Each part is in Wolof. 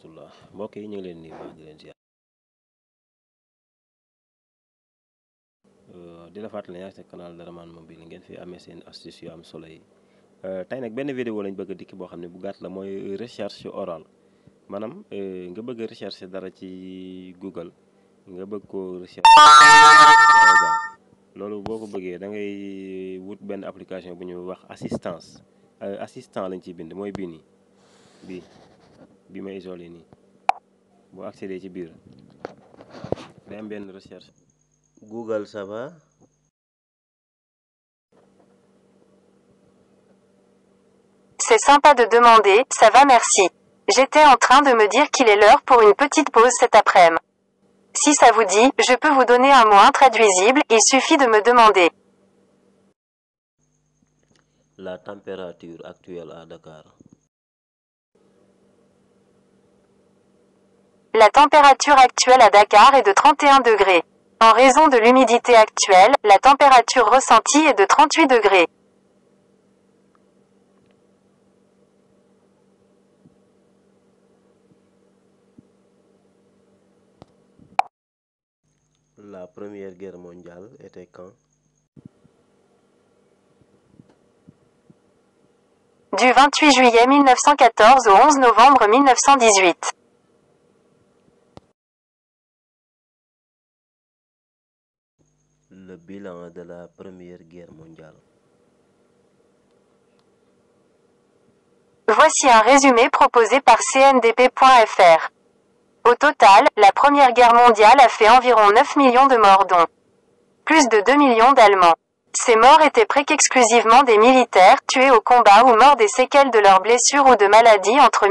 rahmatullah mbokk yi ñu leen nii baax di leen ziar euh, di la fàttali ne yaa sa canal Daraman mobile ngeen fi amee seen astuce yu am solo yi euh, tey nag benn vidéo lañ bëgg a dikk boo xam ne bu gàtt la mooy recherche orale maanaam euh, nga bëgg a dara ci Google nga bëgg ko recherche loolu boo ko bëggee da ngay wut benn application bu ñuy wax assistance assistant lañ ciy bind mooy bii nii bii bi ma isolé ci biir de demander, ça va merci. J'étais en train de me dire qu'il est l'heure pour une petite pause cet après-midi. Si ça vous dit, je peux vous donner un mot intraduisible, il suffit de me demander. La température actuelle La température actuelle à Dakar est de 31 degrés. En raison de l'humidité actuelle, la température ressentie est de 38 degrés. La Première Guerre Le bilan de la Première Guerre mondiale. Voici un résumé proposé par cndp.fr. Au total, la Première Guerre mondiale a fait environ 9 millions de morts dont plus de 2 millions d'Allemands. Ces morts étaient presque exclusivement des militaires tués au combat ou morts des séquelles de leurs blessures ou de maladies entre et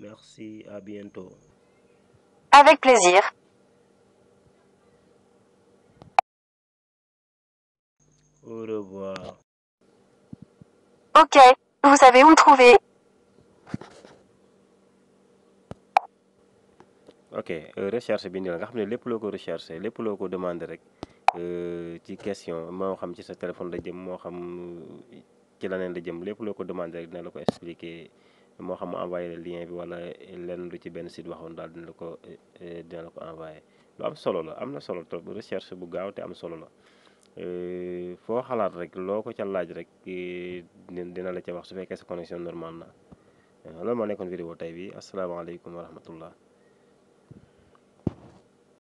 Merci, à bientôt. Avec Ok, vous savez où me trouver. ok euh, recherche bi nii la nga xam ne lépp loo ko recherche lépp loo ko demandé rek euh, ci question moo xam ci sa téléphone la jëm moo xam ci leneen la jëm lépp loo ko demande rek dina la ko expliquer. moo xam mu envoyé la lien bi wala lenn lu ci benn site waxoon daal dina la ko eh, dina la ko envoyé lu am solo la am na solo trop recherche bu gaaw te am solo la eh, foo xalaat rek loo ko ca laaj rek eh, dina la ca wax su fekkee sa connexion normale na loolu moo nekkoon vidéo tey bi asalaamaaleykum wa rahmatullah